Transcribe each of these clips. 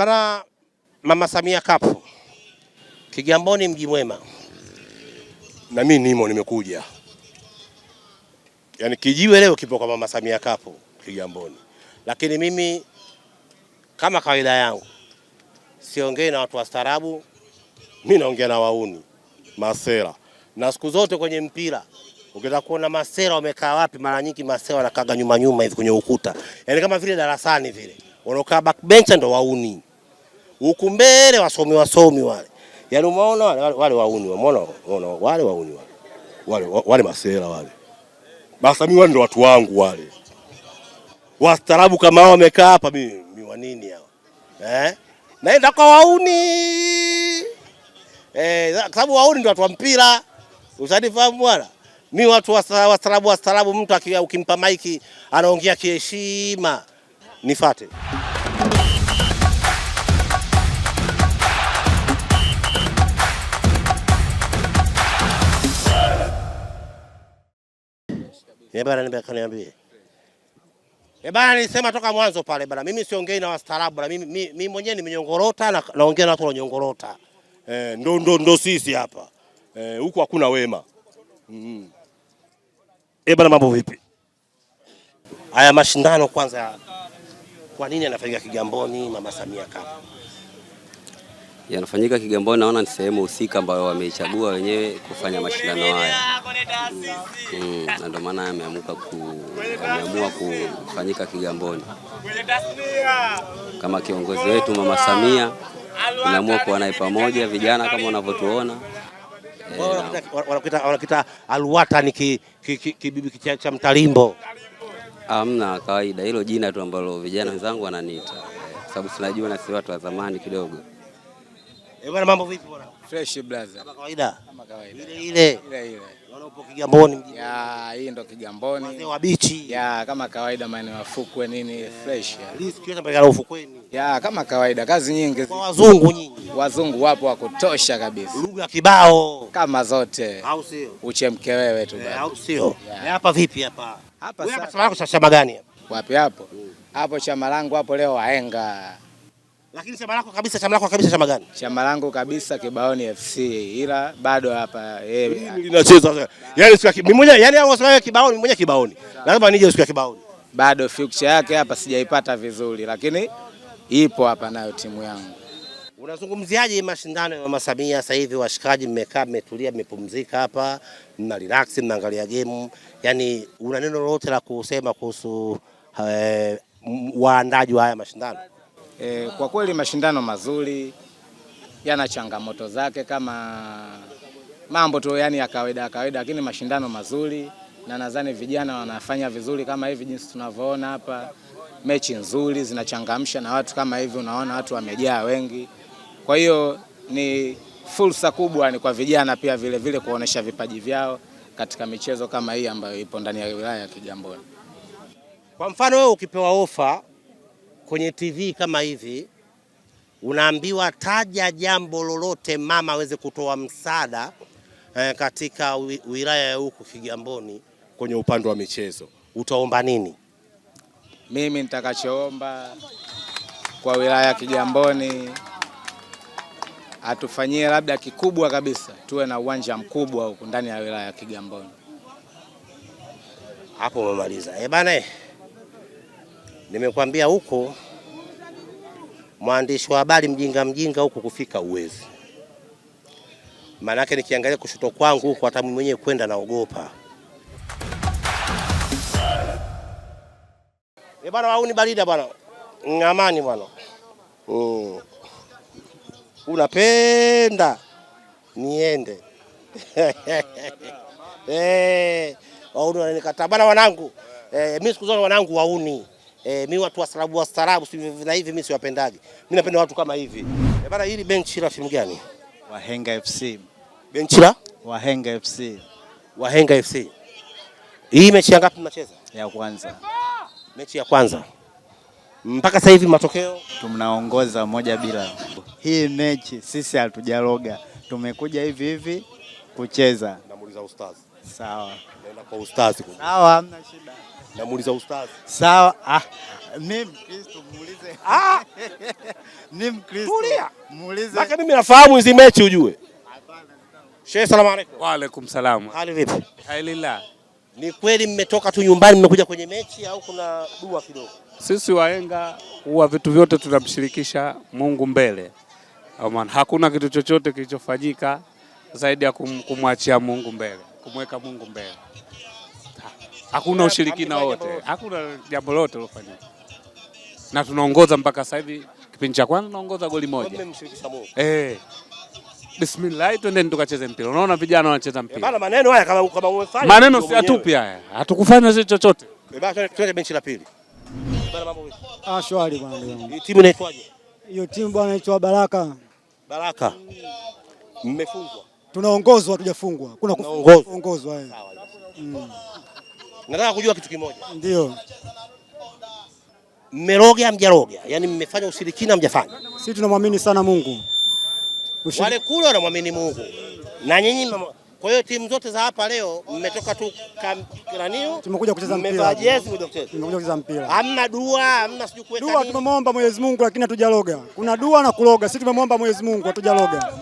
Barabara Mama Samia Cup Kigamboni, mji mwema, na mimi nimo nimekuja, yaani kijiwe leo kipo kwa Mama Samia Cup Kigamboni, lakini mimi kama kawaida yangu siongei na watu wastaarabu, mimi naongea na wauni masera, na siku zote kwenye mpira Ukiweza kuona masera wamekaa wapi, mara nyingi masera wanakaga nyuma nyuma hivi kwenye ukuta, yaani kama vile darasani vile wanaokaa backbench ndo wauni huku mbele, wasomi wasomi wale, yaani umeona wale wale wauni, umeona umeona wale wauni wale wale wale masela wale, basi mimi wale ndo watu wangu wale, Wastarabu kama wao wamekaa hapa, mimi wa nini hao eh? Naenda kwa wauni eh, sababu wauni ndo watu wa mpira, usanifahamu bwana. Mi watu wastarabu, wastarabu, mtu akiwa ukimpa maiki anaongea kiheshima, nifate. Eh bana, kaniambie eh bana, nilisema toka mwanzo pale bana, mimi siongei na wastaarabu bana, mimi mimi mwenyewe nimenyongorota na naongea na watu nyongorota. Eh, ndo ndo ndo sisi hapa eh, huku hakuna wema mm. Eh bana, mambo vipi? Haya mashindano kwanza, kwa nini anafanyika Kigamboni? Mama Samia kama yanafanyika Kigamboni, naona ni sehemu husika ambayo wameichagua wenyewe kufanya mashindano haya mm, na ndio maana ameamua ku, ameamua kufanyika Kigamboni. Kama kiongozi wetu Mama Samia tumeamua kuwa naye pamoja, vijana kama unavyotuona eh, wanakuita Alwata ni kibibi cha mtalimbo. Amna kawaida, hilo jina tu ambalo vijana wenzangu wananiita, sababu sinajua na si watu wa zamani kidogo. Eh, bwana mambo vipi bwana? Fresh brother. Kama kawaida. Kama kawaida. Ile ile. Ile ile. Unaona upo Kigamboni mjini. Ya, hii ndo Kigamboni. Wazee wa bichi. Ya, kama kawaida maeneo ya fukwe nini yeah. fresh ya. Hii siku yote pale ufukweni. Ya, kama kawaida kazi nyingi. Kwa wazungu nyinyi. Wazungu wapo wa kutosha kabisa. Lugha kibao. Kama zote. Au sio? Uchemke wewe tu bwana. Eh, au sio? Na eh, hapa vipi hapa? Hapa sasa. Wewe hapa chama gani hapa? Wapi hapo? Hapo chama langu hapo leo waenga. Lakini chama lako kabisa, chama lako kabisa, chama gani? Chama langu kabisa Kibaoni FC, ila bado hapa yeye eh, eh, linacheza. Yaani siku mimi mwenyewe, yaani hao wasema Kibaoni, mwenyewe Kibaoni. Lazima nije siku ya Kibaoni. Bado future yake hapa sijaipata vizuri, lakini ipo hapa nayo timu yangu. Unazungumziaje mashindano ya Mama Samia sasa hivi? Washikaji mmekaa, mmetulia, mmepumzika hapa, mna relax, mnaangalia game. Yaani una neno lolote la kusema kuhusu eh, waandaji wa haya mashindano? E, kwa kweli mashindano mazuri yana changamoto zake kama mambo tu yani ya kawaida kawaida, lakini mashindano mazuri na nadhani vijana wanafanya vizuri kama hivi jinsi tunavyoona hapa, mechi nzuri zinachangamsha na watu kama hivi, unaona watu wamejaa wengi. Kwa hiyo ni fursa kubwa ni kwa vijana pia vile vile kuonesha vipaji vyao katika michezo kama hii ambayo ipo ndani ya wilaya ya Kigamboni. Kwa mfano wewe ukipewa ofa kwenye TV kama hivi unaambiwa taja jambo lolote mama aweze kutoa msaada eh, katika wilaya ya huku Kigamboni kwenye upande wa michezo utaomba nini? Mimi nitakachoomba kwa wilaya ya Kigamboni atufanyie labda kikubwa kabisa, tuwe na uwanja mkubwa huku ndani ya wilaya ya Kigamboni. Hapo umemaliza eh bana. Eh. Nimekwambia huko mwandishi wa habari mjinga mjinga huko kufika uwezi. Maanake nikiangalia kushoto kwangu huko, hata mimi mwenyewe kwenda naogopa. E bwana, wauni barida bwana, ngamani mm, bwana mm. Unapenda niende eh, wauni wananikata bana wanangu eh, mimi siku zote wanangu wauni E, mi watu wasarabu wasarabu na hivi mi siwapendagi. Mi napenda watu kama hivi e bana. Hili benchi la timu gani? Wahenga FC. Benchi la Wahenga FC. Wahenga FC. Hii mechi ya ngapi mnacheza? Ya kwanza. Mechi ya kwanza mpaka sasa hivi matokeo tunaongoza moja bila. Hii mechi sisi hatujaloga. tumekuja hivi hivi kucheza. Namuuliza ustazi. Sawa. Naenda kwa ustazi. Sawa, hamna shida. Namuuliza ustazi. Sawa. Ah, mimi Mkristo muulize. Ah. Mimi Mkristo. Tulia. Muulize. Baka mimi nafahamu hizi mechi ujue. Sheikh, salamu alaykum. Wa alaykum salaam. Hali vipi? Alhamdulillah. Ni kweli mmetoka tu nyumbani mmekuja kwenye mechi au kuna dua kidogo? Sisi waenga huwa vitu vyote tunamshirikisha Mungu mbele. Aman, hakuna kitu chochote kilichofanyika zaidi ya kumwachia Mungu mbele, kumweka Mungu mbele hakuna ushirikina wote, hakuna jambo lote lilofanyika, na tunaongoza mpaka sasa hivi. Kipindi cha kwanza tunaongoza goli moja. Eh, bismillah, twendeni tukacheze mpira. Unaona vijana wanacheza mpira eh, bana, maneno haya kama kama umefanya maneno si atupi haya, hatukufanya sisi chochote. Eh, Tuende benchi la pili. Eh, bana mambo Ah, shwari bwana. Hii Timu inaitwaje? Hiyo timu bwana inaitwa Baraka. Baraka. Mmefungwa. Tunaongozwa, hatujafungwa. Kuna kuongozwa. Sawa. Mm. Nataka kujua kitu kimoja. Ndio. Mmeroga mjaroga, yaani mmefanya ushirikina mjafanya. Sisi tunamwamini sana Mungu. Ushi... Wale kule wanamwamini Mungu na nyinyi. mama... Kwa hiyo timu zote za hapa leo mmetoka tu kanio, tumekuja kucheza mpira, tumekuja kucheza mpira, hamna dua, hamna sijui kuweka dua. Tumemwomba Mwenyezi Mungu lakini hatujaroga. Kuna dua na kuroga, sisi tumemwomba Mwenyezi Mungu, hatujaroga.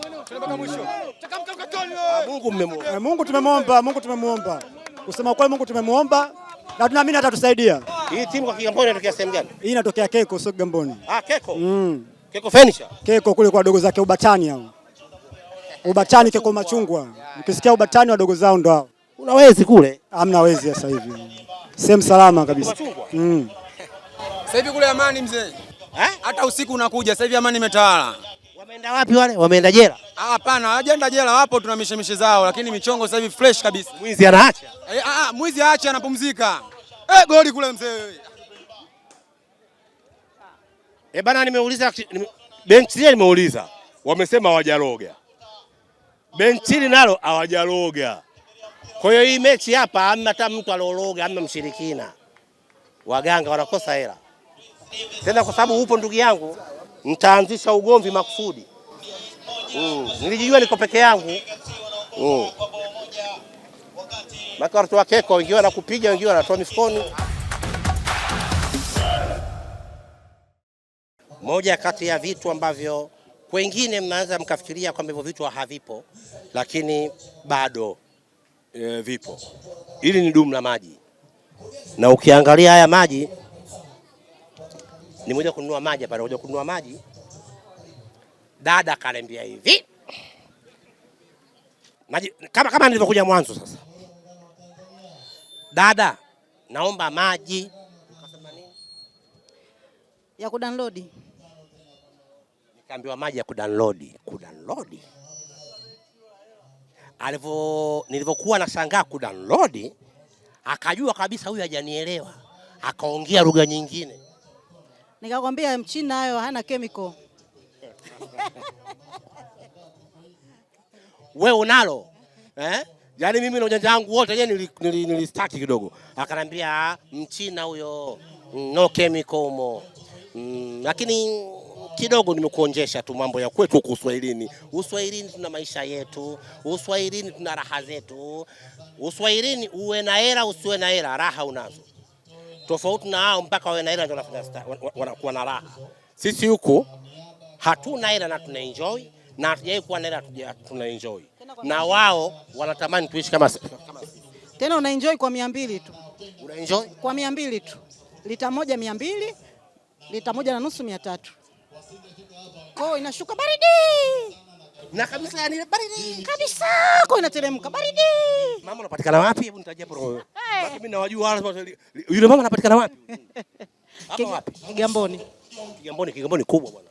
Ah, Mungu mmemwomba, eh, Mungu tumemwomba, Mungu tumemwomba. Kusema kweli, Mungu tumemuomba na tunaamini atatusaidia. Hii timu kwa Kigamboni inatokea sehemu gani? Hii inatokea Keko, sio Kigamboni. Ah, Keko. Mm. Keko furniture. Keko kule kwa dogo zake Ubatani hao. Ubatani Keko machungwa. Ukisikia Ubatani wadogo zao ndo hao. Unawezi kule? Hamna wezi sasa hivi. Sehemu salama kabisa. Mm. Sasa hivi kule amani mzee. Eh? Hata usiku unakuja, sasa hivi amani imetawala. Wameenda wapi wale? Wameenda jela? Hapana, hawajaenda jela, wapo tuna mishemishe zao, lakini michongo sasa hivi fresh kabisa. Mwizi anaacha? Eh, ah, ah mwizi aache, anapumzika. Eh, goli kule mzee wewe. Eh, bana, nimeuliza benchi ile, nimeuliza wamesema hawajaroga. Benchi ile nalo hawajaroga. Kwa hiyo hii mechi hapa hamna hata mtu alologa, hamna mshirikina. Waganga wanakosa hela tena, kwa sababu upo ndugu yangu nitaanzisha ugomvi makusudi. Mm. Nilijijua niko peke yangu. Mm. Maka watoto wakeko wengine wanakupiga, wengine wanatoa mifukoni. Moja kati ya vitu ambavyo kwengine mnaweza mkafikiria kwamba hivyo vitu havipo, lakini bado e, vipo. Hili ni dumu la maji, na ukiangalia haya maji nimekuja kununua maji hapa, nimekuja kununua maji. Dada kaniambia hivi maji, kama, kama nilivyokuja mwanzo. Sasa dada, naomba maji ya kudownload. Nikaambiwa maji ya kudownload, kudownload alivyo nilivyokuwa nashangaa kudownload, akajua kabisa huyu hajanielewa, akaongea lugha nyingine. Nikakwambia mchina hayo hana chemical. Wewe unalo eh? Yaani mimi na ujanja wangu wote yeye nilistaki kidogo, akanambia mchina huyo no chemical umo. Mm, lakini kidogo nimekuonjesha tu mambo ya kwetu huku Uswahilini. Uswahilini tuna maisha yetu, Uswahilini tuna raha zetu. Uswahilini uwe na hela usiwe na hela, raha unazo tofauti na hao, mpaka wawe na hela ndio wanakuwa na raha. Sisi huku hatuna hela na tuna enjoy na hatujai kuwa na hela tuna enjoy, na wao wanatamani tuishi kama sisi. Tena una enjoy kwa mia mbili tu, una enjoy kwa mia mbili tu, lita moja mia mbili lita moja na nusu mia tatu kwao inashuka baridi. Na kabisa ni baridi. Kabisa kwa inateremka baridi. Mama unapatikana wapi? Hebu nitajia hapo. Mimi nawajua wala yule mama anapatikana wapi? Hapo wapi? Kigamboni. Kigamboni, Kigamboni kubwa bwana.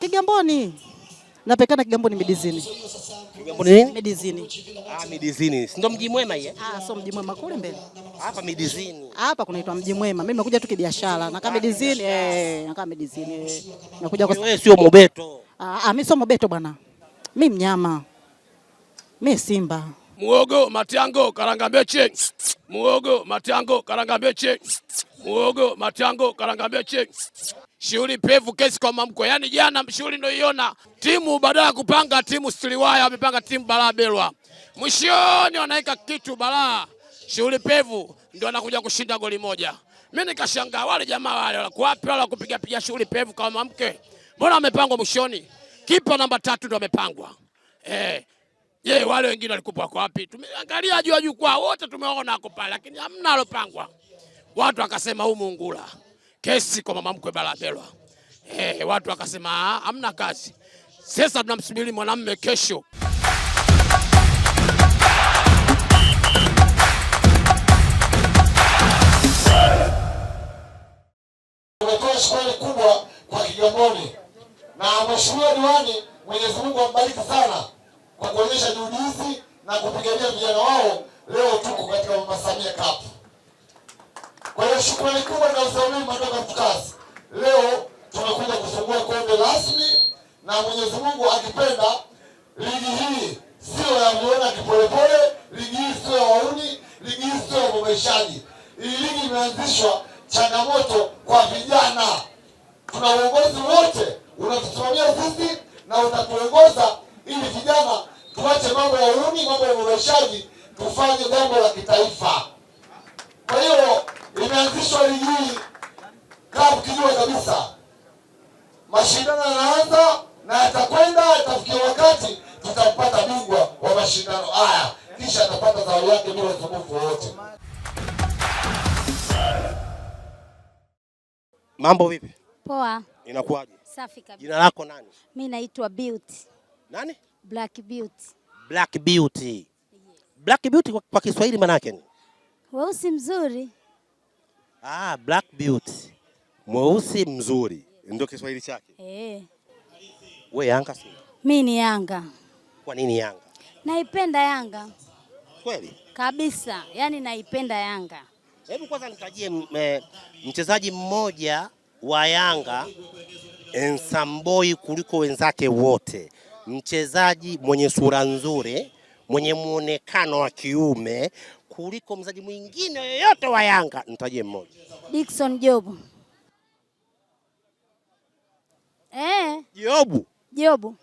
Kigamboni. Napekana Kigamboni Midizini. Kigamboni nini? Midizini. Ah, Midizini. Si ndo mji mwema yeye? Ah, sio mji mwema kule mbele. Hapa Midizini. Hapa kunaitwa mji mwema. Mimi nimekuja tu kibiashara. Na kama ah, Midizini eh, na kama Midizini Nakuja kwa wewe sio Mobeto. Ah, ah, somo beto bwana, mi mnyama, mi simba. Muogo matiango karanga mbeche, muogo matiango karanga mbeche, muogo matiango karanga mbeche. Shughuli pevu kesi kwa mamko. Yaani jana shughuli ndio iona timu badala ya kupanga timu stiliwaya wamepanga timu balaa belwa, mwishoni wanaweka kitu balaa. Shughuli pevu ndio anakuja kushinda goli moja. Mimi nikashangaa wale jamaa wale wala kuwapi wala kupiga piga shughuli pevu kwa mamke Mbona amepangwa mwishoni? Kipa namba tatu ndo amepangwa. Eh. Je, wale wengine walikupa kwa wapi? Tumeangalia juu juu kwa wote tumeona hapo pale lakini hamna alopangwa. Watu akasema huu muungula. Kesi kwa mama mkwe Balabelwa. Eh, watu akasema ah, hamna kazi. Sasa tunamsubiri mwanamume kesho. Kwa kweli kubwa kwa Kigamboni. Na mheshimiwa diwani, Mwenyezi Mungu ambariki sana kwa kuonyesha juhudi hizi na kupigania vijana wao. Leo tuko katika Mama Samia Cup. Kwa hiyo shukrani kubwa na usimamizi kutoka FUCASA. Leo tunakuja kufungua kombe rasmi na Mwenyezi Mungu akipenda ligi hii sio ya mliona kipolepole, ligi hii sio ya wauni, ligi hii sio ya bogeshaji. Hii ligi imeanzishwa changamoto kwa vijana, tuna uongozi wote unatusimamia sisi na utatuongoza ili vijana tuache mambo ya uhuni, mambo ya uroshaji, tufanye jambo la kitaifa. Kwa hiyo imeanzishwa ligi hii kijua kabisa, mashindano yanaanza na yatakwenda, yatafikia wakati tutampata bingwa wa mashindano haya, kisha atapata zawadi yake bila usumbufu wowote. Mambo vipi? Poa. Inakuwaje? Safi kabisa. Jina lako nani? Mimi naitwa Beauty. Nani? Black Beauty. Black Beauty. Black Beauty kwa kwa Kiswahili maana yake ni? Weusi mzuri. Ah, Black Beauty. Mweusi mzuri ndio Kiswahili chake. Eh. Wewe Yanga si? Mimi ni Yanga. Kwa nini Yanga? Naipenda Yanga. Kweli? Kabisa. Yaani naipenda Yanga. Hebu kwanza nitajie eh, mchezaji mmoja wa Yanga ensamboi kuliko wenzake wote, mchezaji mwenye sura nzuri, mwenye muonekano wa kiume kuliko mchezaji mwingine yoyote wa Yanga. Nitajie mmoja. Dickson Jobu. Eh. Jobu. Jobu.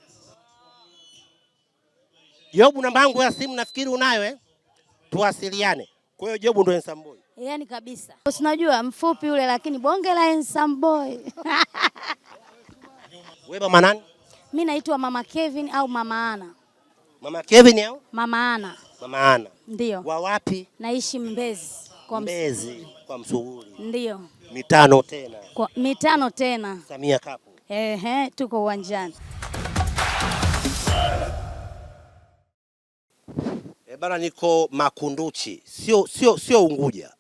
Jobu, namba yangu ya simu nafikiri unayo eh? Tuwasiliane. Kwa hiyo Jobu ndio ensamboi. Yaani kabisa. Unajua mfupi ule lakini bonge la ensamboi. Wewe mama nani? Mimi naitwa Mama Kevin au Mama Ana. Mama Kevin au? Mama Ana. Mama Ana. Ndio. Wa wapi? Naishi Mbezi kwa Mbezi kwa Msuguri. Ndio. Mitano tena. Kwa mitano tena. Samia Kapu. Ehe, tuko uwanjani. E bana, niko Makunduchi, sio sio sio Unguja.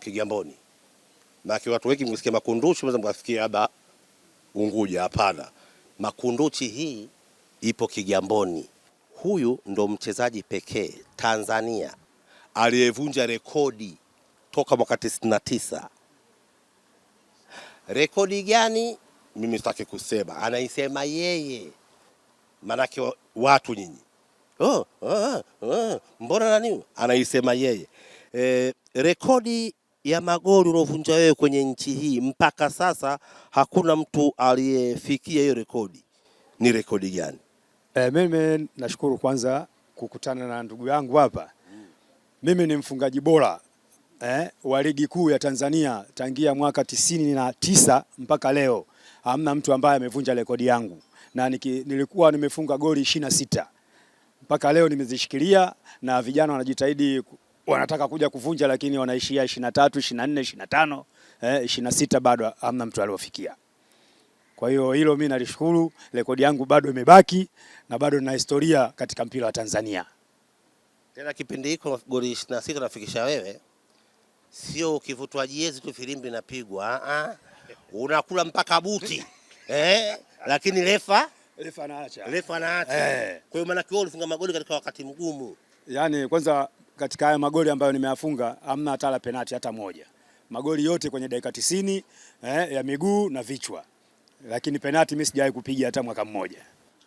Kigamboni. Maki watu wengi mkisikia Makunduchi mnaweza mkafikia labda Unguja, hapana. Makunduchi hii ipo Kigamboni. Huyu ndo mchezaji pekee Tanzania aliyevunja rekodi toka mwaka 99. Rekodi gani? Mimi sitaki kusema, anaisema yeye, manake watu nyinyi oh, oh, oh, mbona nani, anaisema yeye eh, rekodi ya magoli uliovunja wewe kwenye nchi hii mpaka sasa hakuna mtu aliyefikia hiyo rekodi. Ni rekodi gani? E, mimi nashukuru kwanza kukutana na ndugu yangu hapa. Mimi ni mfungaji bora eh, wa ligi kuu ya Tanzania tangia mwaka tisini na tisa mpaka leo hamna mtu ambaye amevunja rekodi yangu, na niki, nilikuwa nimefunga goli ishirini na sita mpaka leo nimezishikilia, na vijana wanajitahidi wanataka kuja kuvunja, lakini wanaishia 23, 24, 25, 26 bado hamna mtu aliofikia. Kwa hiyo hilo mimi nalishukuru, rekodi yangu bado imebaki na bado na historia katika mpira wa Tanzania. Tena kipindi hiko goli 26 nafikisha wewe, sio ukivutwa jezi tu filimbi inapigwa, ah, ah. unakula mpaka buti eh, lakini refa refa anaacha, refa anaacha. Eh. Kwa hiyo maana kwao ulifunga magoli katika wakati mgumu, yani kwanza katika haya magoli ambayo nimeyafunga hamna hata la penati hata moja. Magoli yote kwenye dakika tisini eh, ya miguu na vichwa, lakini penati mimi sijawahi kupiga hata mwaka mmoja.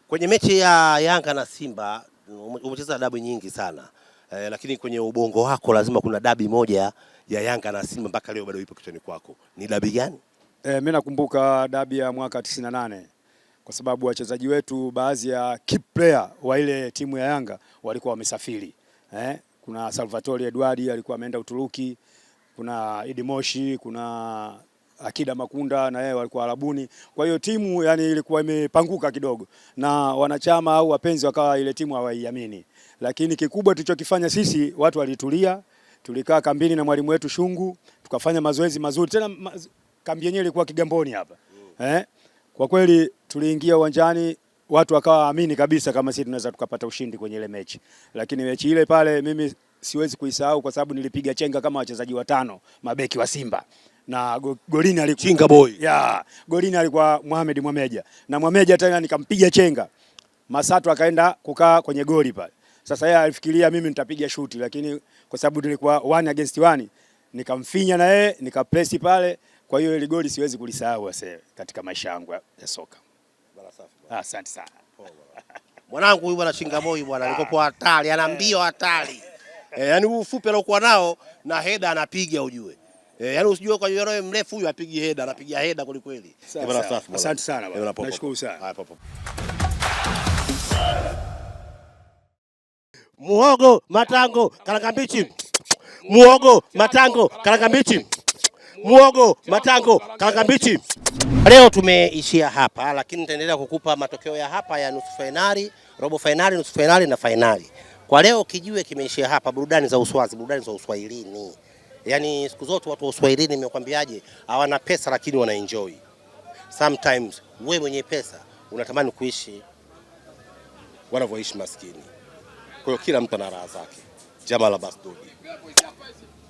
Kwenye mechi ya Yanga na Simba umecheza dabi nyingi sana eh, lakini kwenye ubongo wako lazima kuna dabi moja ya Yanga na Simba mpaka leo bado ipo kichwani kwako, ni dabi gani? Eh, mimi nakumbuka dabi ya mwaka 98 kwa sababu wachezaji wetu baadhi ya key player wa ile timu ya Yanga walikuwa wamesafiri eh, kuna Salvatore Edward alikuwa ameenda Uturuki, kuna Idi Moshi, kuna Akida Makunda na yeye walikuwa Arabuni. Kwa hiyo timu yani ilikuwa imepanguka kidogo, na wanachama au wapenzi wakawa ile timu hawaiamini, lakini kikubwa tulichokifanya sisi, watu walitulia, tulikaa kambini na mwalimu wetu Shungu, tukafanya mazoezi mazuri tena. Kambi yenyewe ilikuwa Kigamboni hapa mm. eh. Kwa kweli tuliingia uwanjani watu wakawa amini kabisa kama sisi tunaweza tukapata ushindi kwenye ile mechi, lakini mechi ile pale mimi siwezi kuisahau kwa sababu nilipiga chenga kama wachezaji watano mabeki wa Simba na golini alikuwa Chinga boy yeah, golini alikuwa Mohamed Mwameja na Mwameja tena nikampiga chenga, Masatu akaenda kukaa kwenye goli pale. Sasa yeye alifikiria mimi nitapiga shuti, lakini kwa sababu nilikuwa one against one nikamfinya na yeye nikapresi pale. Kwa hiyo ile goli siwezi kulisahau katika maisha yangu ya soka. Asante sana mwanangu. Huyu bwana shingamoi bwana kwa hatari, ana mbio hatari Eh, yaani huu ufupi alokuwa nao na heda anapiga ujue Eh, yaani usijue kwa yeye mrefu huyu apigi heda, anapiga heda kweli kweli. Eh, Asante sana bwana, eh, nashukuru sana. Muhogo matango karanga mbichi, muhogo matango karanga mbichi muogo, matango, kakabichi. Leo tumeishia hapa, lakini nitaendelea kukupa matokeo ya hapa ya nusu fainali, robo fainali, nusu fainali na fainali. Kwa leo kijue kimeishia hapa. Burudani za uswazi, burudani za uswahilini. Yaani siku zote watu wa uswahilini nimekwambiaje, hawana pesa lakini wana enjoy. Sometimes we mwenye pesa unatamani kuishi wanavyoishi maskini. Kwa hiyo kila mtu ana raha zake. Jamaa la